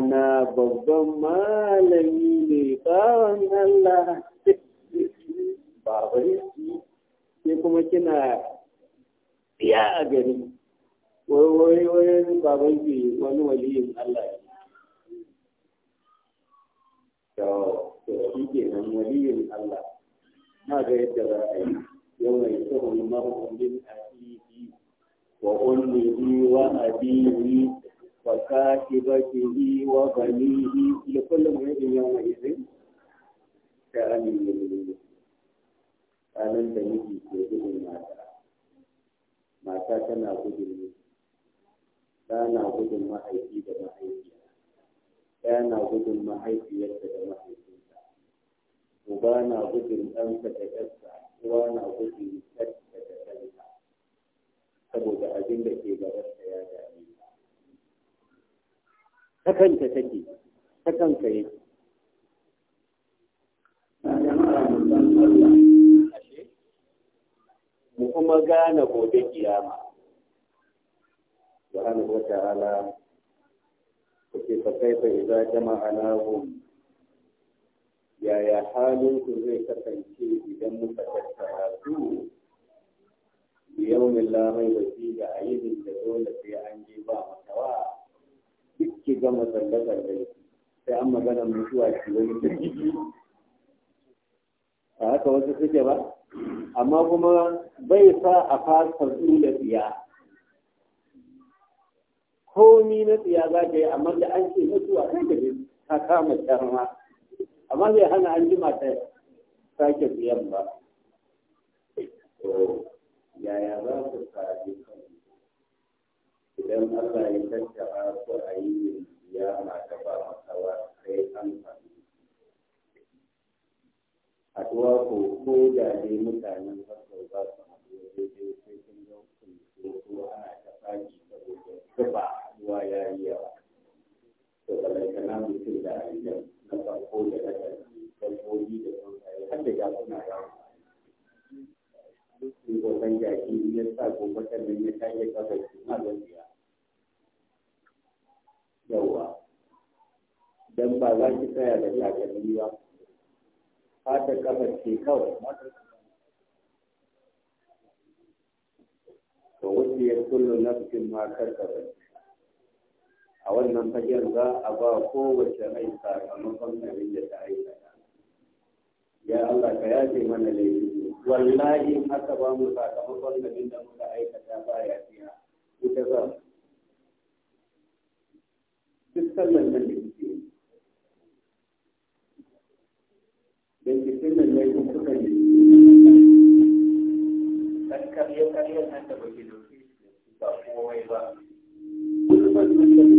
na babban malami ne bawan sai kuma kina tsiya eh, a gari. Wai, wai, baban shi wani waliyin Allah to shi ke nan waliyin Allah na ga yadda za a yi yau mai tsohon marumin ahihi wa ummihi wa wa wa da miji ke gudun mata mata tana gudun gudun da ɗaya na gudun mahaifiyarta da mahaifiya uba na gudun ɗansa da ɗansa uwa na gudun ɗansa da ɗansa saboda abin da ke gabarsa ya dame ta ta kanta take ta kanka yake mu kuma gane gobe kiyama subhanahu wa ta'ala kuke fa jama'a na jama'anahum yaya halinku zai kasance idan muka tattara su yawmin lamai da fi da a da dole sai an je ba matawa duk ki gama zalle-zalle sai an magana mutuwa ki wani kirkiki a haka wasu suke ba amma kuma bai sa a fasa su da tsiya komi na tsiya za ka yi amma da an ce mutuwa kai da ka kama kyarma amma bai hana an jima ta sake biyan ba yaya za ku sami kanku idan Allah ya tattara ku a yi kiyama da ba makawa sai an sami haduwa ko ko da dai mutanen farko za su haɗu daidai sai sun ga kunce ko ana ta sake saboda zuba ruwa ya yi yawa to mutum da aljanna da bako da dabbobi da tsuntsaye har da jakuna ya sa gobatar nan ma zan biya yawa ba za ki tsaya da takalmi ba fata kafa ce kawai to wasu ya kullu nafsin ma a wannan fagen za a ba kowace rai sakamakon abin da ta aikata ya Allah ka yafe mana laifi wallahi haka ba mu sakamakon abin da muka aikata ba ya fiya ita za duk sallan nan da kike da kike nan ne kuka yi? dan karye kariyo nan da baki da ba komai ba kullum ba.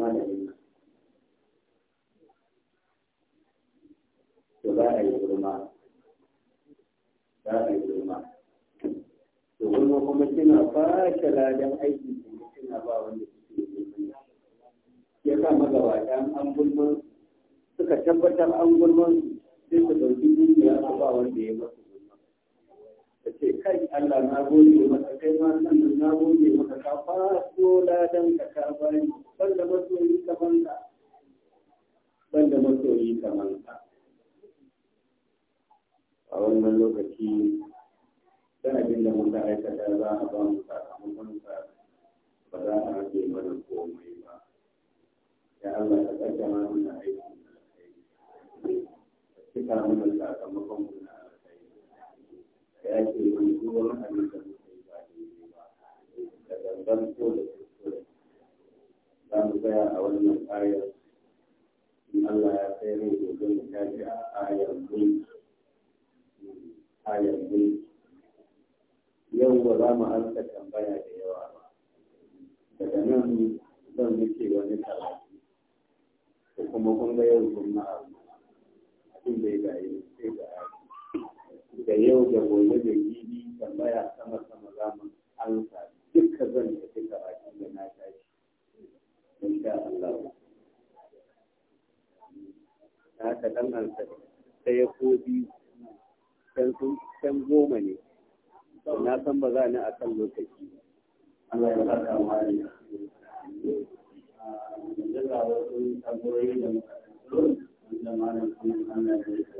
malamin to za a yi girma za a yi girma to kuma kuma kina fashe ladan aiki kuma kina ba wanda suke yi ya sa magabata an gulman suka tabbatar an gulman sai su ɗauki dukiya su ba wanda ya masu da ce kai Allah na gode maka kai ma sannan na gode maka ka faso ladan ka ka bani ban da masoyi kaman ka ban da masoyi kaman ka a wannan lokaci da abin da muka aikata za a ba mu sakamakon sa ba za a rage mana komai ba ya Allah ka kaddara mana aikin da kai ka cika mana sakamakon mu ya ce mun ko ba daidai ba da gangan ko da za mu tsaya a wannan ayar Allah ya kai rai a ayar mulki yau ba za mu tambaya da yawa ba daga nan zan wuce wani karatu kuma kun ga yau kun ma'a abin da ya gaye sai ga da yau da gobe da da maya sama sama za mu duka zan da duka baki da na tashi insha Allah ta dan ansa ɗaya ko biyu san sun san goma ne na san ba za ni a kan lokaci Allah ya saka ma ne da wasu tambayoyi da muka da malam kuma Allah ya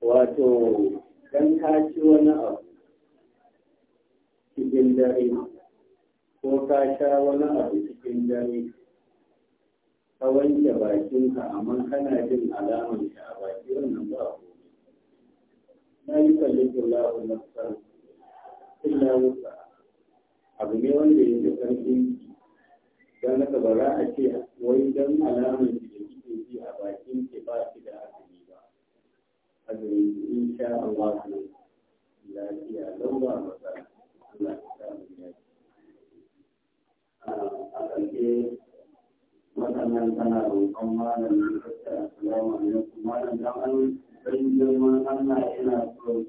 wato don ka wani abu cikin dare ko ka wani abu cikin dare ka wanke bakinka amma kana jin alamar a baki ba na yi kallon ne wanda ya fi ƙarfin don haka ba za a ce wai don alamar da kike ji a bakin ki ba ki da azumi ba azumi in sha Allah ne lafiya lau ba maza Allah ya sa mu lafiya ah, a ƙarshe waɗannan tana roƙon malam ne ta assalamu alaikum malam dan an dan girman Allah yana so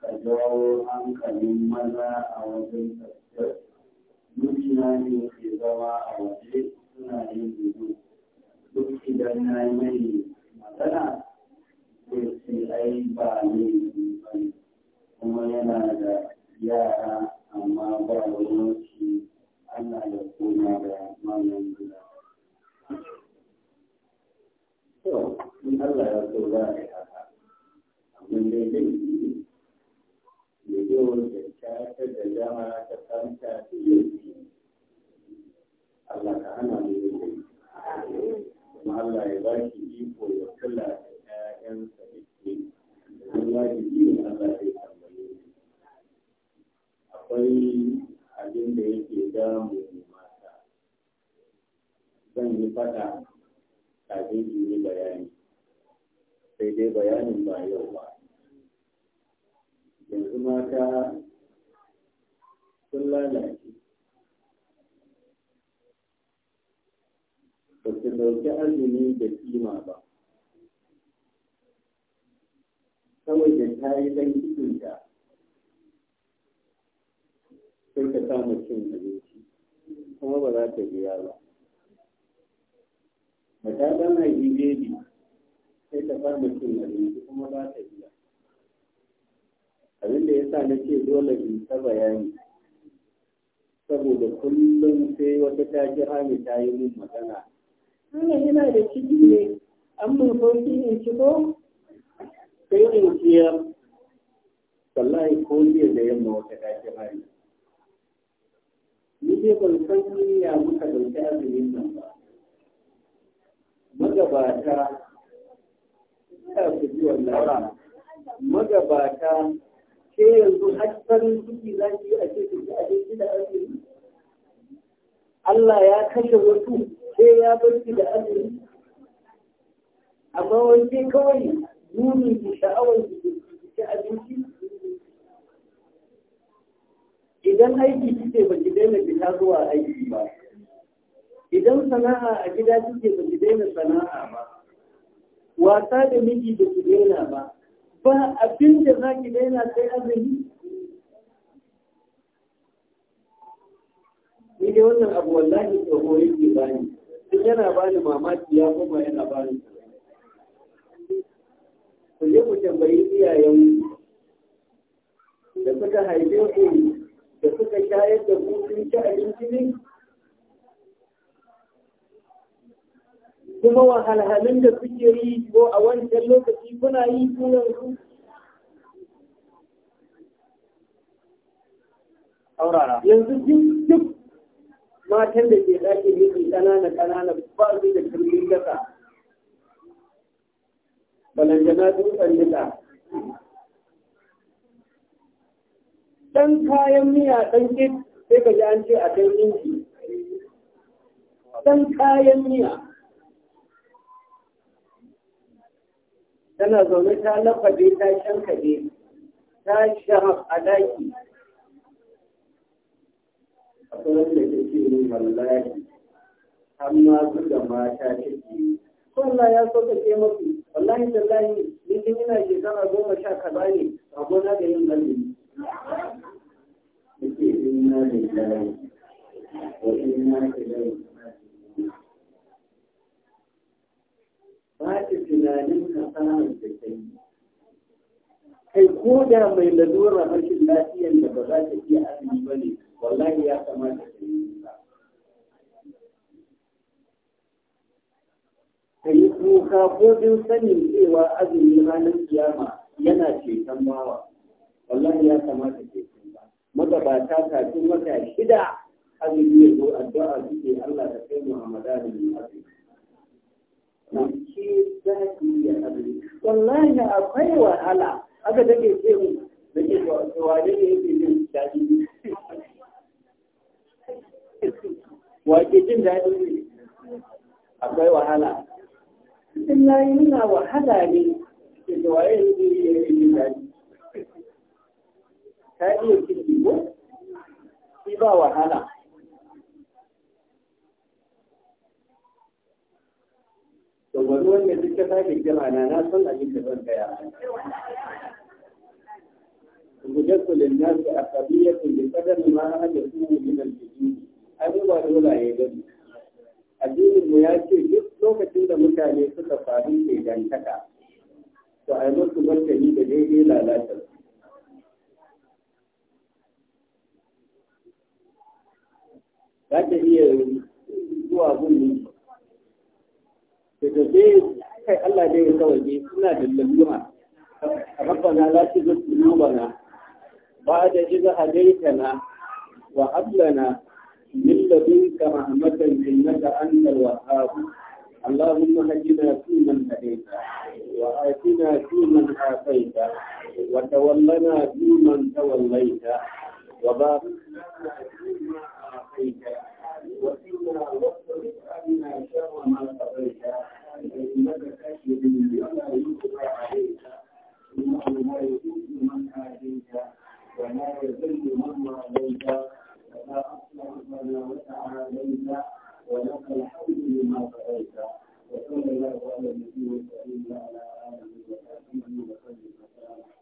ka jawo hankalin maza a wajen tafsir Mijina ne ke zama a waje suna yin gudu. Duk idan na yi mai magana, zai ce ai ba ne kuma yana da yara amma ba wani shi Allah ya koma da malam gida. To, in Allah ya so za a yi haka, abin da ya yi. video da ta da dama ta kanta ta yi Allah ka hana mu yi kuma ya bashi shi iko ya kula da 'ya'yansa da ke Allah ya ji Allah ya tambaye akwai abin da yake damu mata zan yi faɗa kafin yi bayani sai dai bayanin ba yau ba yanzu mata sun lalace ba su dauki azumi da kima ba kawai da ta yi dan cikinta sai ta samu cin abinci kuma ba za ta biya ba mata ɗan yi bebi sai ta samu cin abinci kuma ba ta biya abin da ya sa na ce dole in ta bayani saboda kullum sai wata ta ji hami ta yi min magana ina ina da ciki ne an mun sauki in ci ko sai in ciyar wallahi ko jiya da yamma wata ta ji hami ni dai ban san ya muka dauki azumin nan ba magabata ina su ji wannan magabata sai yanzu har farin ciki za ki yi a ce ki a da azumi Allah ya kashe wasu sai ya bar ki da azumi amma wanke kawai nuni ki sha'awar ki cikin abinci idan aiki kike ba ki daina fita zuwa aiki ba idan sana'a a gida kike ba ki daina sana'a ba wasa da miji ba ki daina ba ba abin da za ki daina sai azumi ni dai wannan abu wallahi tsoro yake bani duk yana bani mamaki ya kuma yana bani ku je ku tambayi iyayen da suka haife ku da suka shayar da ku sun ci abinci ne kuma wahalhalun da suke yi ko a wancan lokaci kuna yi ku yanzu yanzu duk duk matan da ke zaki ke ƙanana ƙanana ba su da kirkin gasa balangana dutsen gida ɗan kayan miya ɗan kit sai ka ji an ce a kan inji ɗan kayan miya tana zaune ta lafabe ta shan shankaɗe ta shahab a daki a tsoron da ta ce min wallahi amma su da mata take Allah ya sauka ka mafi wallahi tallahi ni kin ina shekara goma sha kaza ne a gona da yin azumi nake inna lillahi wa da ilaihi ba ta tunanin hasarar da ta yi kai ko da mai lalura rashin lafiyar da ba za ta iya azumi ba ne wallahi ya kamata ta yi ka yi kuka ko din sanin cewa azumi ranar kiyama yana ceton bawa wallahi ya kamata ceton ba magabata kafin wata shida azumi ya zo addu'a suke Allah ta kai Muhammadu azumi wallahi akwai wahala aka take ce mu da ke wane ne yake jin daɗi wake jin daɗi akwai wahala cikin layi nuna wahala ne ke waye yake jin daɗi ta iya ko shi ba wahala to wani wanda duk ta sake kira na na san abin da zan gaya mujassu lin nas asabiyatu bi qadari ma hadathu min al-jinn abubuwa dole ya gani addinin mu ya ce duk lokacin da mutane suka faru ke dantaka to ai musu martani da daidai lalata za ta iya zuwa gun daga je kai Allah ne ya kawai ne suna da lalura rabbana la tuzigh qulubana ba'da idh hadaytana wa hab lana min ladunka rahmatan innaka antal wahhab اللهم هدنا فيمن هديت وآتنا فيمن آتيت وتولنا فيمن توليت وبارك لنا فيما آتيت da Thank you.